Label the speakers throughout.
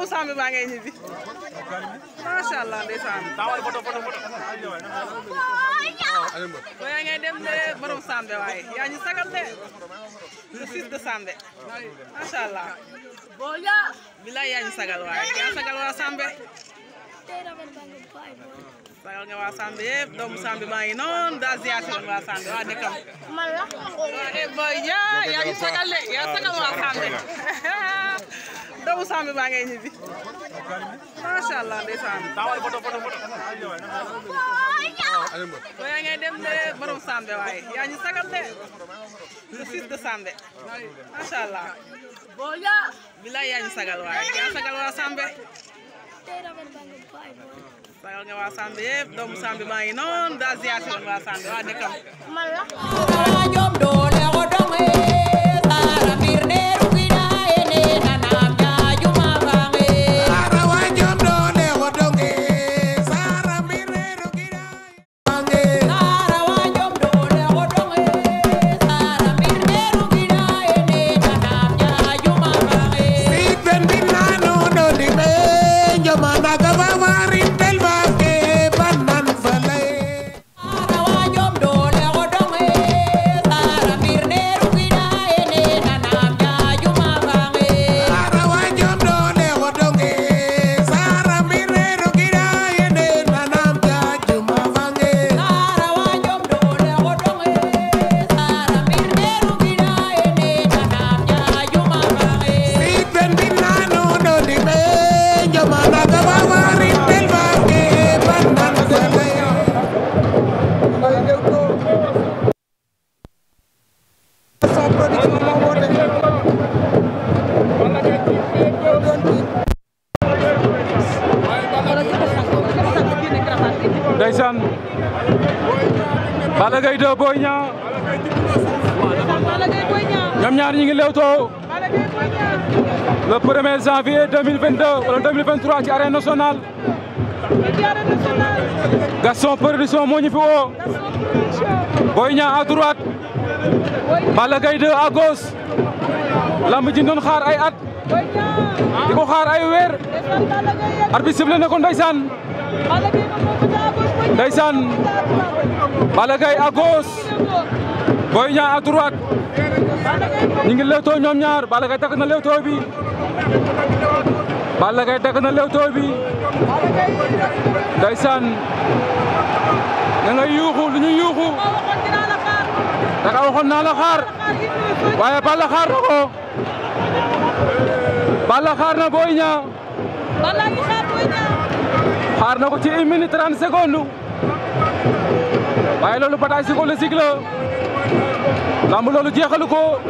Speaker 1: yow Samb baa ngay ñibbi macha allah ndeysaan.
Speaker 2: taawal photo photo photo.
Speaker 1: waaye ngay dem de borom Samb sambil yaa ñu sagal de le fils de sambil. macha allah. bilaay yaa ñu sagal waaye yaa sagal waa Samb. sagal nga waa Samb yëpp doomu Samb maa ngi noonu daal ziar si woon waa Samb waa dëkkam. man la. waaye sagal de yaa sagal waa Samb dawu sampai baa ngay ñibbi macha allah ndeysaan taawal photo photo photo waaye ngay dem de borom sambe waaye yaa ñu sagal de le fils de sambe macha allah boya bila yaa ñu sagal waaye yaa sagal waa sambe sagal nga waa sambe yëpp doomu sambe maa ngi noonu daa ziyaasi sambe waa dëkkam man la mama, mama. sans production moo woote
Speaker 2: ndeysaan Balla ñoom ñaar ñi ngi lewtoo le premier janvier 2022 wala 2023 ci arène nationale Gaston production moo fi woo Boy Niang à Balla Gaye 2 à gauche lamb ji doon xaar ay at di ko xaar ay weer arbitre sifflé na ko ndeysaan ndeysaan Balla Gaye à gauche Boy Niang droite ñu ngi lewtoo ñoom ñaar balagay Gaye na lewtoo bi balagay Gaye na lewtoo bi ndeysaan da ngay yuuxu lu ñu yuuxu Kaka waxoon naa la xaar waaye Balla xaar na ko Balla xaar na Boy Niang
Speaker 1: Balla ngi xaar Boy Niang
Speaker 2: xaar na ko ci une minute trente secondes waaye loolu ko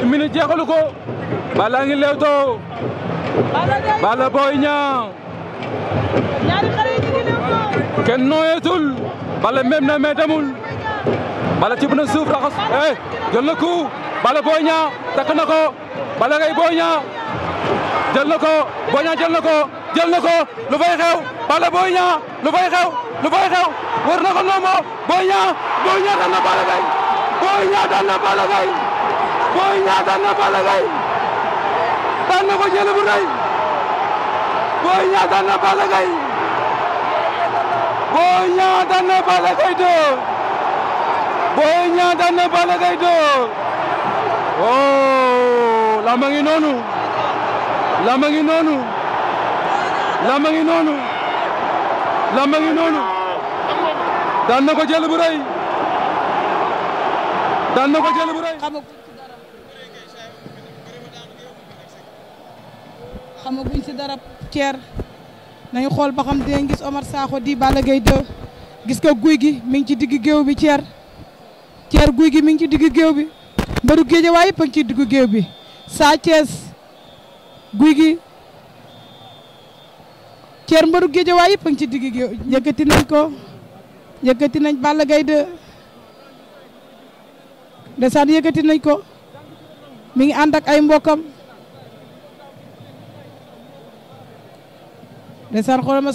Speaker 2: i minute jeexalu ko Balla ngi lewtoo Balla Boy Niang Balla mem na mais demul bala tibb na suuf raxas eh jël na ko bala Boy Niang bala ngay Boy Niang na ko Boy Niang na ko jël na ko lu fay xew bala Boy lu fay xew lu fay xew war na ko nombo Boy Niang Boy Niang daan na Balla Gaye Boy Niang daan na Balla Gaye Boy Niang daan Boy Niang daan na Balla Gaye 2 oh ngi noonu lamba ngi noonu lamba ngi noonu lamba daan na ko jël bu rëy daan na ko jël bu rëy
Speaker 1: xamaguñ ci dara ceer nañu xool ba xam dinañ gis Omar Sakho di Balla Gaye gis ko guy gi mi ngi ci digg géew bi ceer ceer guy gi mi ngi ci diggu géew bi mbaru géejawaay yëpp a ci diggu géew bi Sa guy gi ceer mbaru géejawaay yëpp a ci diggu géew yëkkati ko yëkkati nañ Balla gayde de ndeysaan nañ ko mi ngi ànd ay mbokkam ndeysaan xoolal ma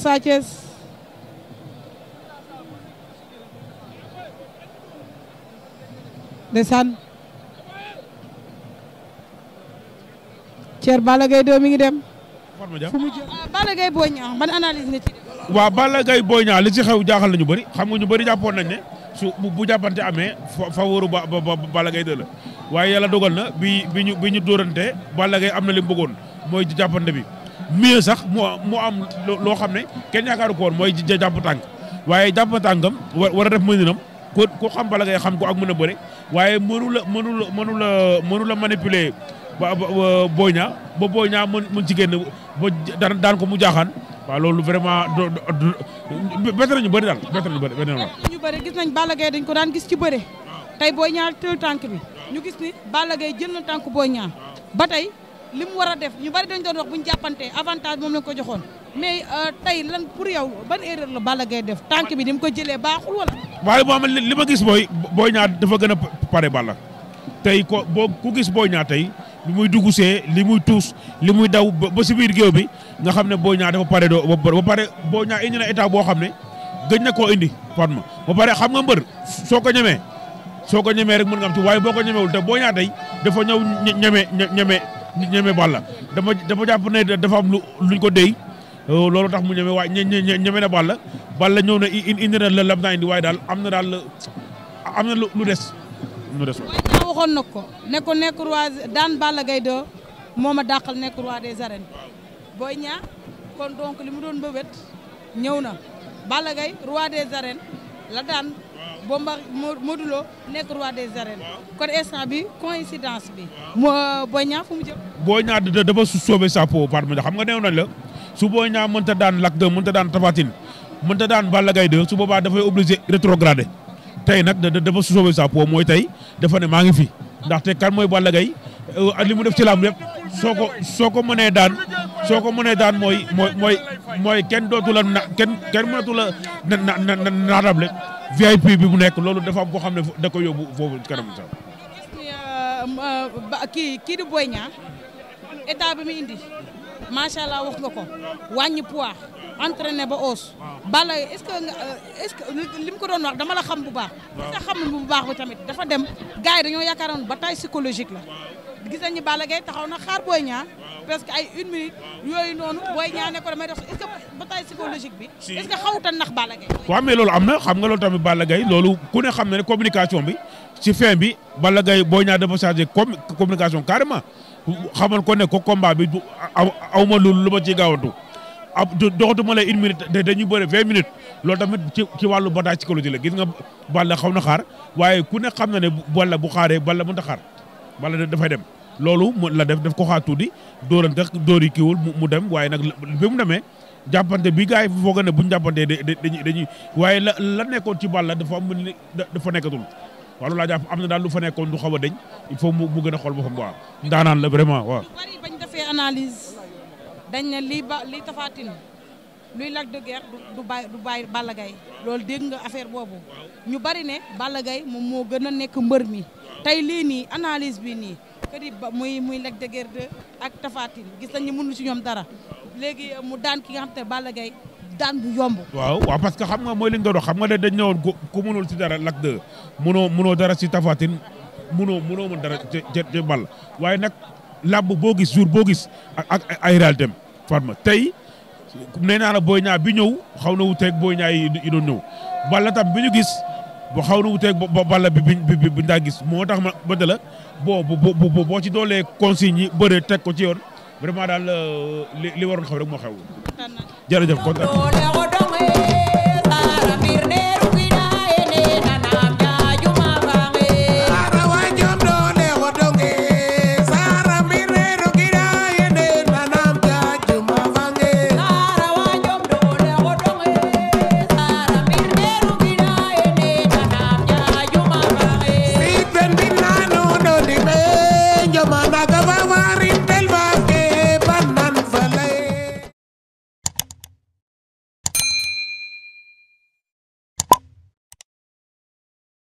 Speaker 1: ndeysaan Thier Balla Gaye 2 mi ngi dem. fu mu jëm waaw Balla Gaye Boy Niang ban
Speaker 3: analyse nga li ci xew jaaxal nañu bëri xam nga ñu bëri jàppoon nañ ne su bu jàppante amee favori ba ba Balla Gaye la waaye yàlla dogal na bi bi ñu bi ñu dóorante Balla am na li bëggoon mooy jàppante bi. mieux sax mu mu am loo xam ne kenn yaakaaru ko woon mooy jàpp tànk waaye jàpp tànkam war a def mëninam ko ko xam Balla xam ko ak mën na bëre waaye mënu la mënu la mënu la mënu la manipuler ba Boy Niang ba Boy Niang mën mën ci génn boo daan daan ko mu jaaxaan waaw loolu vraiment do do bett nañu bëri daal bett nañu bëri bett nañu
Speaker 1: bëri gis nañ Balla Gaye dañ ko daan gis ci bëre tey Boy Niang tël tànk bi ñu gis ni Balla Gaye jël na tànk Boy Niang ba tey li mu war a def ñu bëri dañ doon wax bu ñu jàppantee avantage moom lañ ko joxoon mais euh, tey lan pour yow ban erreur la Balla Gaye def tànk bi ni mu ko jëlee baaxul wala.
Speaker 3: waaye boo moom li ma gis booy boo ñaar dafa gën a pare Balla tey ko boo ku gis booy ñaar tey li muy duggusee li muy tuus li muy daw ba si biir géew bi nga xam ne booy ñaar dafa pare doo ba pare boo ñaar indi na état boo xam ne gëj na koo indi Fatma ba pare xam nga mbër soo ko ñemee soo ko ñemee rek mën nga am ci waaye boo ko ñemewul te boo ñaar tey dafa ñëw ñeme ñeme ñeme Balla dama dama jàpp ne dafa am lu luñ ko déy. Euh, loolu tax mu ñeme waaye ñe ñeme na Balla Balla ñëw na indi na la lam naa indi waaye daal am na daal am na lu des lu des. waaw
Speaker 1: waxoon na ko ne ko nekk roi daan Balla Gaye 2 moo ma dàqal nekk roi des arènes Boy Niang kon donc li mu doon ba bëbët ñëw na Balla Gaye roi de arènes la daan. bomba Modou Lo nekk roi des arènes kon instant bi coïncidence bi. moo Boy Niang
Speaker 3: fu mu jëm. Boy Niang dafa soobee sa po Fatma xam nga neew nañ la. su Boy Niang mënta daan Lac 2 mënta daan Tapha Tine mënta daan Balla Gaye 2 su boobaa dafay obligé rétrogradé tey nag dafa sauvé sa peau mooy tey dafa ne maa ngi fi ndaxte kan mooy Balla Gaye euh, ak li def ci daan daan la na kenn kenn la na na na VIP bi mu nekk loolu dafa am koo xam ne da ko yóbbu foofu kanam sax.
Speaker 1: Euh, euh, kii kii Boy état bi indi. macha allah wax nga ko wàññi poids entraîné ba os. bala est-ce euh, li ko doon wax dama la xam bu baax. waaw sa xamul bu baax bi tamit dafa dem. gars yi dañoo yaakaaroon bataille psychologique la. gis nañu Balla Gaye taxaw na xaar Boy Niang presque ay une minute yooyu noonu Boy Niang ne ko damay def est-ce que psychologique bi. est-ce que xawuta nax Balla Gaye.
Speaker 3: waaw mais loolu am na xam nga loolu tamit Balla gay loolu ku ne xam ne ne communication bi si fin bi Balla Gaye Boy Niang dafa changé communication carrément. xamal ko ne ko combat bi aw ma loolu lu ma ciy gaawantu ab doxatuma lay une minute dañuy bëre vingt minutes loolu tamit ci ci wàllu bataille psychologique la gis nga Balla xaw na xaar waaye ku ne xam na ne Balla bu xaaree Balla mënut a xaar Balla dafay dem loolu la def def ko xaar tuuti dóorante dóor yi kiiwul mu dem waaye nag bi mu demee jàppante bi gaa yi foog ne bu ñu jàppantee dañuy waaye la la nekkoon ci Balla dafa am dafa nekkatul. wàllu laa jàpp am na daal lu fa nekkoon du xaw a deñ il faut mu gën a xool boppam waaw ndaanaan la vraiment waaw. ñu
Speaker 1: bari bañ defee analyse dañ ne lii ba lii Tapha Tine luy Lac de Guiers du bàyyi du bàyyi ballagay loolu dégg nga affaire boobu ñu bari ne Balla Gaye moom moo gën a nekk mbër mi tey lii nii analyse bi nii que ba muy muy Lac de ak Tapha Tine gis nañu mënul ci ñoom dara léegi mu daan ki nga xam Gaye daan bu waaw
Speaker 3: waaw parce que xam nga mooy li nga doon xam nga ne dañ ne woon ku mënul si dara Lac 2 mënoo mënoo dara ci Tapha Tine mënoo mënoo mën dara ci ci Balla waaye nag làmb boo gis jour boo gis ak ay réalité ma tey ne naa la booy ñaa bi ñëw xaw na wuuteeg Boy ñaa yi doon ñëw Balla tam bi ñu gis. boo xaw na wuteeg ba balla bi bi bi bi ndaa gis moo tax ma bëgg la boo boo boo ci doolee consigne yi bëree teg ko ci yoon vraiment daal euh, li li waroon xew rek moo xew. jërëjëf kontaan